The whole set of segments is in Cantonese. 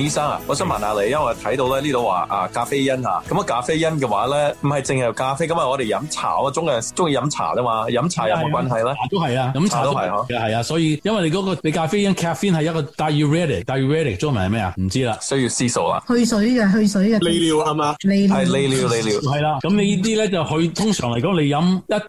醫生啊，我想問下你，因為睇到咧呢度話啊咖啡因啊，咁啊咖啡因嘅話咧，唔係淨係咖啡，咁啊我哋飲茶啊，中國人中意飲茶啫嘛，飲茶有冇關係咧？都係啊，飲茶都係嗬，係啊，所以因為你嗰、那個你咖啡因 caffeine 係一個 diuretic，diuretic di 中文係咩啊？唔知啦，需要思索啊。去水嘅，去水嘅，利尿係嘛？利係利尿，利尿係啦。咁你呢啲咧就去，通常嚟講你飲一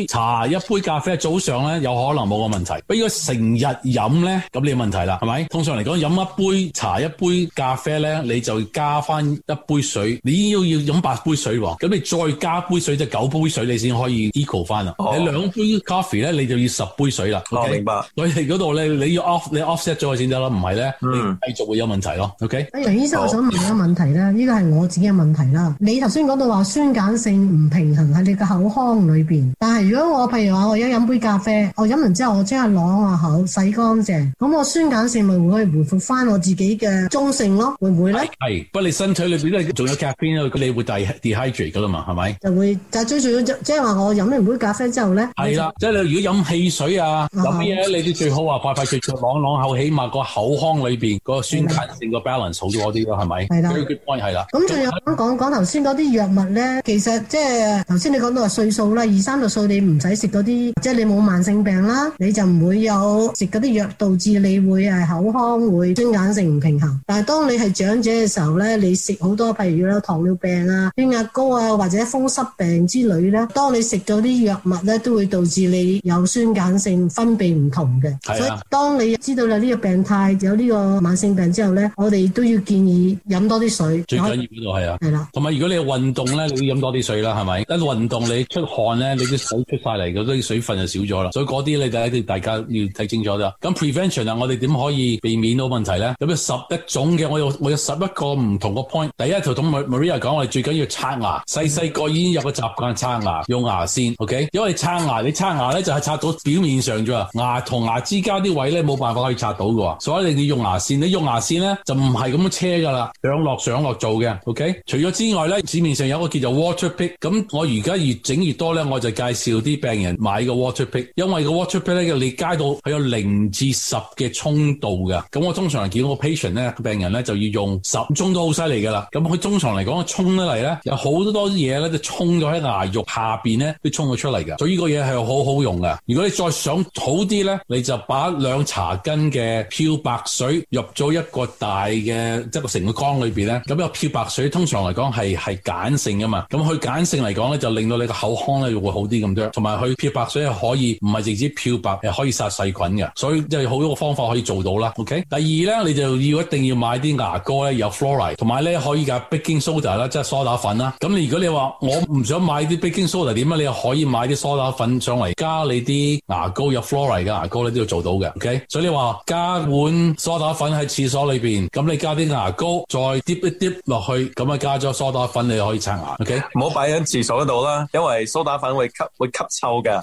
杯茶，一杯咖啡早上咧有可能冇個問題，不過成日飲咧咁你有問題啦，係咪？通常嚟講飲一杯茶一杯。啲咖啡咧，你就加翻一杯水，你要要飲八杯水喎，咁你再加杯水就是、九杯水，你先可以 equal 翻啦。哦、你兩杯 coffee 咧，你就要十杯水啦。哦，okay? 我明白。嗰度咧，你要 offset 你 offset 咗佢先得啦，唔係咧，繼、嗯、續會有問題咯。O K，鄭醫生，我想問你個問題啦，呢個係我自己嘅問題啦。你頭先講到話酸鹼性唔平衡喺你嘅口腔裏邊。係，如果我譬如話我而家飲杯咖啡，我飲完之後我即刻攞下口洗乾淨，咁我酸鹼性咪會回復翻我自己嘅中性咯，會唔會咧？係，不過你身體裏邊都係仲有咖啡因，你會 de dehydrate 噶啦嘛，係咪？就會，但最重要即係話我飲完杯咖啡之後咧。係啦的，就即係你如果飲汽水啊，飲嘢，你啲最好話、啊、快快脆脆攞攞口，起碼個口腔裏邊個酸鹼性個 balance 好咗啲咯，係咪？係啦的。關鍵係啦。咁仲有講講頭先嗰啲藥物咧，其實即係頭先你講到啊歲數啦，二三十歲數。你唔使食嗰啲，即係你冇慢性病啦，你就唔會有食嗰啲藥導致你會係口腔會酸鹼性唔平衡。但係當你係長者嘅時候咧，你食好多，譬如糖尿病啊、血壓高啊或者風濕病之類咧，當你食咗啲藥物咧，都會導致你有酸鹼性分泌唔同嘅。的所以當你知道有呢個病態，有呢個慢性病之後咧，我哋都要建議飲多啲水。最緊要呢度係啊，係啦。同埋的如果你運動咧，你要飲多啲水啦，係咪？一運動你出汗咧，你出晒嚟，嗰啲水分就少咗啦，所以嗰啲你睇啲大家要睇清楚啫。咁 prevention 啊，我哋點可以避免到問題咧？有咩十一種嘅？我有我有十一個唔同嘅 point。第一條同 Maria 講，我哋最緊要刷牙，細細個已經有個習慣刷牙，用牙線。OK，因為你刷牙你刷牙咧就係刷到表面上啫，牙同牙之間啲位咧冇辦法可以刷到嘅，所以你用牙線。你用牙線咧就唔係咁樣車㗎啦，上落上落做嘅。OK，除咗之外咧，市面上有個叫做 water pick。咁我而家越整越多咧，我就介。少啲病人買個 water pick，因為個 water pick 咧嘅你街度係有零至十嘅沖度嘅，咁我通常係見到個 patient 咧，病人咧就要用十鍾都好犀利噶啦。咁佢通常嚟講沖得嚟咧，有好多多嘢咧都沖咗喺牙肉下邊咧，都衝咗出嚟嘅。所以呢個嘢係好好用噶。如果你再想好啲咧，你就把兩茶根嘅漂白水入咗一個大嘅即係個成個缸裏邊咧。咁個漂白水通常嚟講係係鹼性噶嘛，咁佢鹼性嚟講咧就令到你個口腔咧會好啲咁。同埋去漂白水係可以，唔係直接漂白，係可以殺細菌嘅，所以即係好多個方法可以做到啦。OK，第二咧，你就要一定要買啲牙膏咧有 fluoride，同埋咧可以加 baking soda 啦，即係梳打粉啦。咁你如果你話我唔想買啲 baking soda 點啊？你可以買啲梳打粉上嚟，加你啲牙膏有 fluoride 嘅牙膏咧都要做到嘅。OK，所以你話加碗梳打粉喺廁所裏邊，咁你加啲牙膏再滴一滴落去，咁啊加咗梳打粉你就可以刷牙。OK，唔好擺喺廁所度啦，因為梳打粉會吸。會吸臭噶，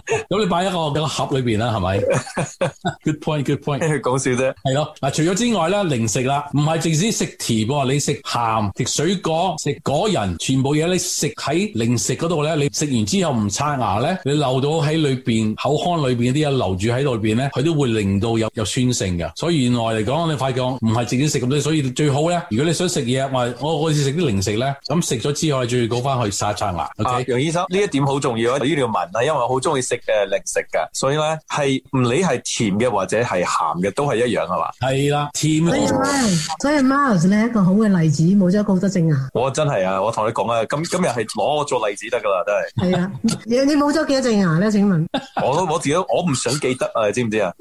咁 你擺一個個盒裏邊啦，係咪？Good point，good point，講 good point. 笑啫。係咯，嗱，除咗之外咧，零食啦，唔係直接食甜，你食鹹，食水果，食果仁，全部嘢你食喺零食嗰度咧，你食完之後唔刷牙咧，你留到喺裏邊口腔裏邊嗰啲嘢留住喺裏邊咧，佢都會令到有有酸性嘅。所以原來嚟講，你發覺唔係淨止食咁多，所以最好咧，如果你想食嘢，我我好似食啲零食咧，咁食咗之後。再再到翻去刷刷牙 OK，楊、啊、醫生呢是一點好重要啊！呢條對 文啦，因為我好中意食零食㗎，所以咧係唔理係甜嘅或者係鹹嘅都係一樣㗎嘛？係啦，甜、哦所。所以所以，Miles 呢一個好嘅例子，冇咗好多隻牙、啊。我真係啊，我同你講啊，今今日係攞我做例子得㗎啦，真係。係的 啊，你冇咗幾多隻牙咧？請問？我都我自己，我唔想記得啊，你知唔知啊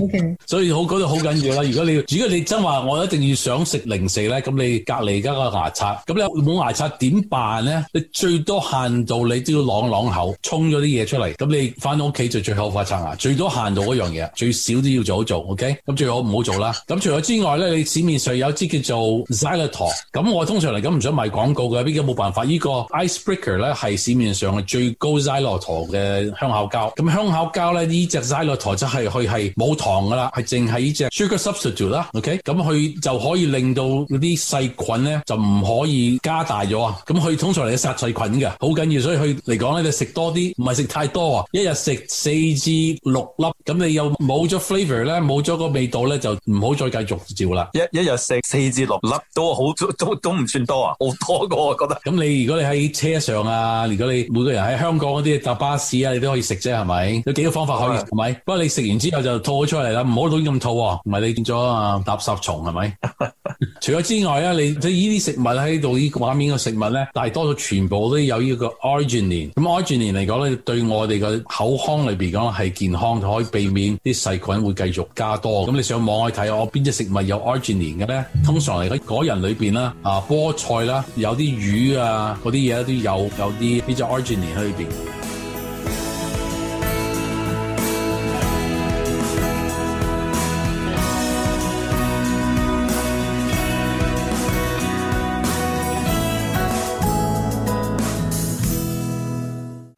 ？O K。 Okay. 所以好講到好緊要啦。如果你，如果你真話，我一定要想食零食咧，咁你隔離家個牙刷，咁咧冇牙。點辦咧？你最多限度你都要朗朗口沖咗啲嘢出嚟，咁你翻到屋企就最好發撐牙。最多限度嗰樣嘢，最少都要做好做。OK，咁最好唔好做啦。咁除咗之外咧，你市面上有一支叫做 Xylitol，咁我通常嚟講唔想賣廣告嘅，畢竟冇辦法。呢、這個 Icebreaker 咧係市面上嘅最高 Xylitol 嘅香口膠。咁香口膠咧呢 x 就是是只 Xylitol 則係佢係冇糖噶啦，係淨係呢隻 Sugar Substitute 啦。OK，咁佢就可以令到嗰啲細菌咧就唔可以加大。咗啊！咁佢通常嚟嘅殺細菌嘅，好緊要，所以佢嚟講咧，你食多啲，唔係食太多啊！一日食四至六粒，咁你又冇咗 flavor 咧，冇咗個味道咧，就唔好再繼續照啦。一一日食四至六粒都好，都都唔算多啊，好多我覺得。咁你如果你喺車上啊，如果你每個人喺香港嗰啲搭巴士啊，你都可以食啫，係咪？有幾個方法可以？係咪的？不過你食完之後就吐咗出嚟啦，唔好亂咁吐，唔係你變咗啊垃圾蟲係咪？是是 除咗之外啊，你即呢啲食物喺度邊個食物咧，大多數全部都有呢個 arginine。咁 arginine 嚟講咧，對我哋個口腔裏邊講係健康，可以避免啲細菌會繼續加多。咁你上網去睇下，我邊隻食物有 arginine 嘅咧？通常嚟講，嗰人裏邊啦，啊菠菜啦，有啲魚啊，嗰啲嘢都有有啲呢隻 arginine 喺裏邊。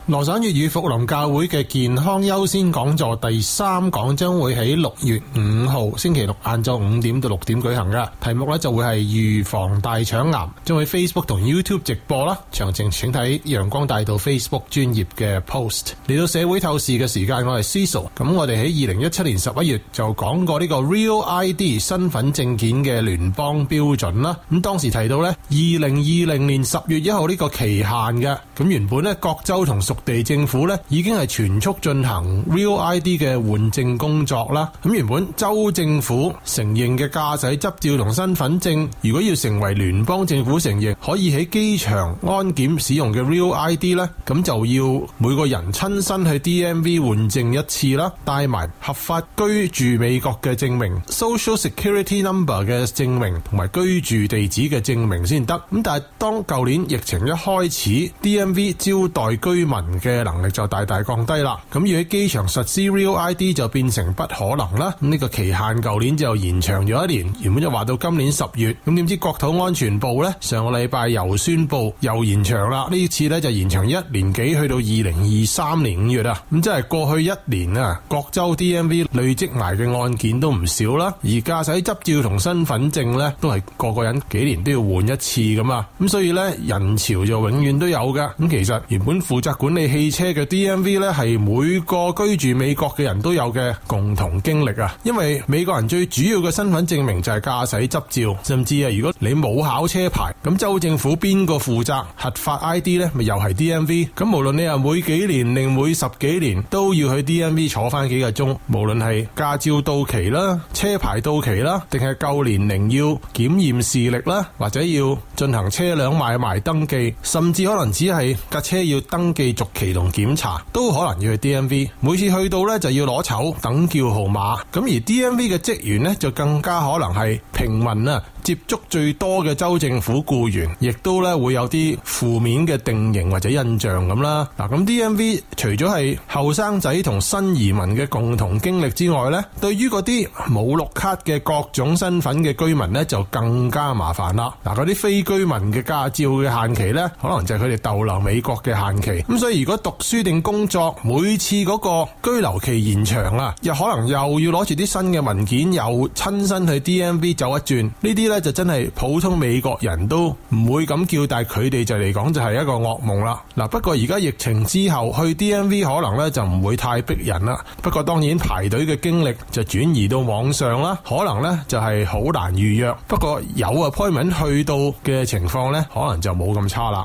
羅省粵語福林教會嘅健康優先講座第三講將會喺六月五號星期六晏晝五點到六點舉行嘅，題目咧就會係預防大腸癌，將會 Facebook 同 YouTube 直播啦，詳情請睇陽光大道 Facebook 專頁嘅 post。嚟到社會透視嘅時間，我係 Ciso，咁我哋喺二零一七年十一月就講過呢個 Real ID 身份證件嘅聯邦標準啦，咁當時提到呢，二零二零年十月一號呢個期限嘅，咁原本呢，各州同地政府咧已經係全速進行 Real ID 嘅換證工作啦。咁原本州政府承認嘅駕駛執照同身份證，如果要成為聯邦政府承認，可以喺機場安檢使用嘅 Real ID 咧，咁就要每個人親身去 DMV 換證一次啦，帶埋合法居住美國嘅證明、Social Security Number 嘅證明同埋居住地址嘅證明先得。咁但係當舊年疫情一開始，DMV 招待居民嘅能力就大大降低啦，咁要喺機場實施 Real ID 就變成不可能啦。咁、那、呢個期限舊年就延長咗一年，原本就話到今年十月，咁點知國土安全部咧上個禮拜又宣布又延長啦，次呢次咧就延長一年幾去到二零二三年五月啊。咁即係過去一年啊，各州 DMV 累積埋嘅案件都唔少啦，而駕駛執照同身份證咧都係個個人幾年都要換一次咁啊，咁所以咧人潮就永遠都有嘅。咁其實原本負責管你汽車嘅 DMV 咧，係每個居住美國嘅人都有嘅共同經歷啊，因為美國人最主要嘅身份證明就係駕駛執照，甚至啊，如果你冇考車牌，咁州政府邊個負責核發 ID 咧？咪又係 DMV？咁無論你係每幾年定，每十幾年都要去 DMV 坐翻幾個鐘，無論係駕照到期啦、車牌到期啦，定係舊年齡要檢驗視力啦，或者要進行車輛買賣登記，甚至可能只係架車要登記。期同檢查都可能要去 DMV 每次去到咧就要攞籌等叫號碼，咁而 DMV 嘅職員呢，就更加可能係平民啊，接觸最多嘅州政府雇員，亦都咧會有啲負面嘅定型或者印象咁啦。嗱，咁 DMV 除咗係後生仔同新移民嘅共同經歷之外咧，對於嗰啲冇綠卡嘅各種身份嘅居民咧，就更加麻煩啦。嗱，嗰啲非居民嘅駕照嘅限期咧，可能就係佢哋逗留美國嘅限期，咁所以。如果讀書定工作，每次嗰個居留期延長啊，又可能又要攞住啲新嘅文件，又親身去 DMV 走一轉，呢啲呢，就真係普通美國人都唔會咁叫他們，但係佢哋就嚟講就係一個噩夢啦。嗱，不過而家疫情之後去 DMV 可能呢就唔會太逼人啦。不過當然排隊嘅經歷就轉移到網上啦，可能呢就係好難預約。不過有啊 appointment 去到嘅情況呢，可能就冇咁差啦。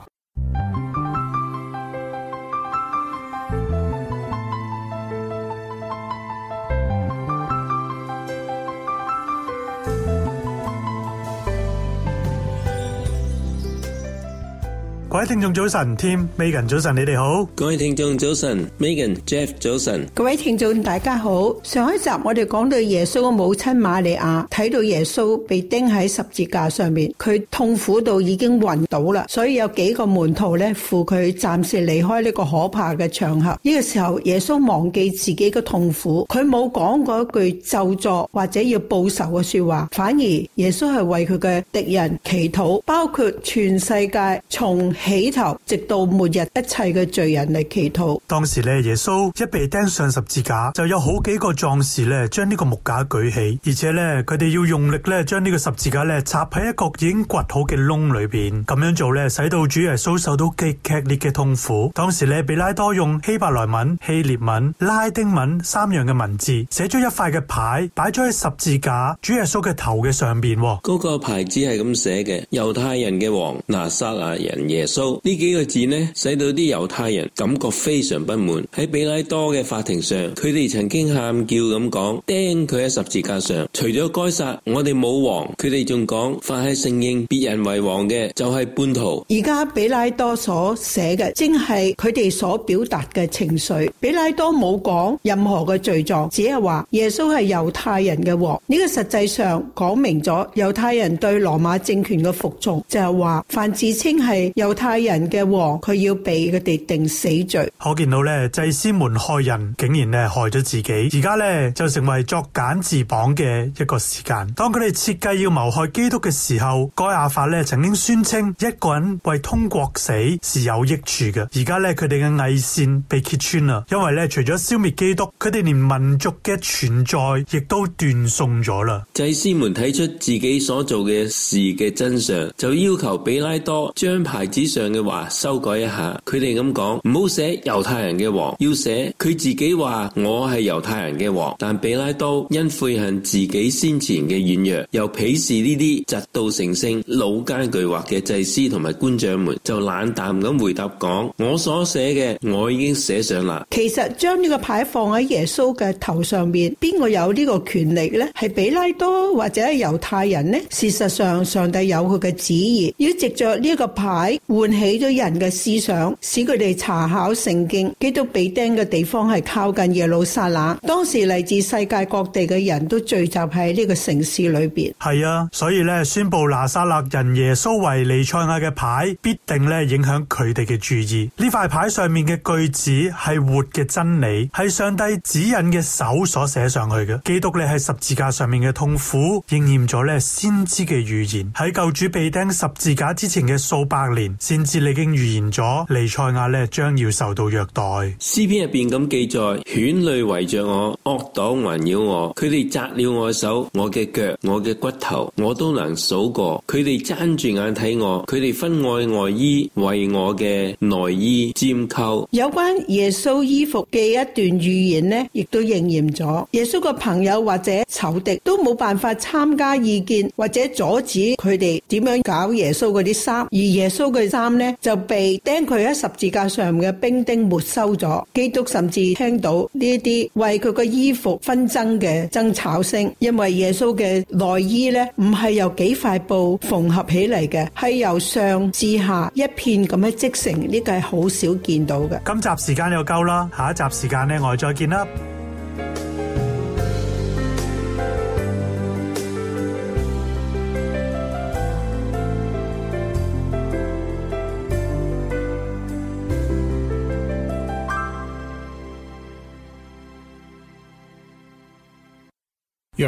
各位聽眾早晨，添 Megan 早晨，你哋好。各位聽眾早晨，Megan Jeff 早晨。各位聽眾大家好。上一集我哋講到耶穌嘅母親瑪利亞睇到耶穌被釘喺十字架上面，佢痛苦到已經暈倒啦。所以有幾個門徒咧，扶佢暫時離開呢個可怕嘅場合。呢個時候耶穌忘記自己嘅痛苦，佢冇講過一句咒詛或者要報仇嘅說話，反而耶穌係為佢嘅敵人祈禱，包括全世界從起頭直到末日，一切嘅罪人嚟祈禱。當時咧，耶穌一被釘上十字架，就有好幾個壯士咧，將呢個木架舉起，而且咧，佢哋要用力咧，將呢個十字架咧插喺一個已經掘好嘅窿裏邊。咁樣做咧，使到主耶穌受到極劇烈嘅痛苦。當時咧，彼拉多用希伯來文、希列文、拉丁文三樣嘅文字寫咗一塊嘅牌，擺咗喺十字架主耶穌嘅頭嘅上邊。嗰個牌子係咁寫嘅：猶太人嘅王拿撒勒人耶呢、so, 幾個字呢，使到啲猶太人感覺非常不滿。喺比拉多嘅法庭上，佢哋曾經喊叫咁講，釘佢喺十字架上，除咗該殺，我哋冇王。佢哋仲講，凡係承認別人為王嘅，就係、是、叛徒。而家比拉多所寫嘅，正係佢哋所表達嘅情緒。比拉多冇講任何嘅罪狀，只係話耶穌係猶太人嘅王。呢、這個實際上講明咗猶太人對羅馬政權嘅服從，就係、是、話凡自稱係猶。猶太人嘅王，佢要俾佢哋定死罪。可見到咧，祭司們害人，竟然咧害咗自己。而家咧就成為作繭自縛嘅一個時間。當佢哋設計要謀害基督嘅時候，該亞法咧曾經宣稱一個人為通國死是有益處嘅。而家咧佢哋嘅偽善被揭穿啦，因為咧除咗消滅基督，佢哋連民族嘅存在亦都斷送咗啦。祭司們睇出自己所做嘅事嘅真相，就要求彼拉多將牌子。上嘅話修改一下，佢哋咁講，唔好寫猶太人嘅王，要寫佢自己話我係猶太人嘅王。但比拉多因悔恨自己先前嘅軟弱，又鄙視呢啲嫉妒成性、老奸巨猾嘅祭司同埋官長們，就冷淡咁回答講：我所寫嘅我已經寫上啦。其實將呢個牌放喺耶穌嘅頭上面，邊個有呢個權力呢？係比拉多或者係猶太人呢？事實上，上帝有佢嘅旨意，要藉着呢個牌。會喚起咗人嘅思想，使佢哋查考聖經。基督被釘嘅地方係靠近耶路撒冷，當時嚟自世界各地嘅人都聚集喺呢個城市裏邊。係啊，所以咧，宣布拿撒勒人耶穌為彌賽亞嘅牌，必定咧影響佢哋嘅注意。呢塊牌上面嘅句子係活嘅真理，係上帝指引嘅手所寫上去嘅。基督咧係十字架上面嘅痛苦應驗咗咧先知嘅預言。喺救主被釘十字架之前嘅數百年。先知已經預言咗，彌賽亞咧將要受到虐待。詩篇入邊咁記載：犬類圍着我，惡黨環繞我，佢哋扎了我的手，我嘅腳，我嘅骨頭，我都能數過。佢哋睜住眼睇我，佢哋分外外衣為我嘅內衣，拈鬮。有關耶穌衣服嘅一段預言呢亦都應驗咗。耶穌嘅朋友或者仇敵都冇辦法參加意見或者阻止佢哋點樣搞耶穌嗰啲衫，而耶穌嘅衫。三咧，就被釘佢喺十字架上面嘅兵丁沒收咗。基督甚至聽到呢一啲為佢嘅衣服紛爭嘅爭吵聲，因為耶穌嘅內衣咧唔係由幾塊布縫合起嚟嘅，係由上至下一片咁樣織成，呢個係好少見到嘅。今集時間又夠啦，下一集時間咧我哋再見啦。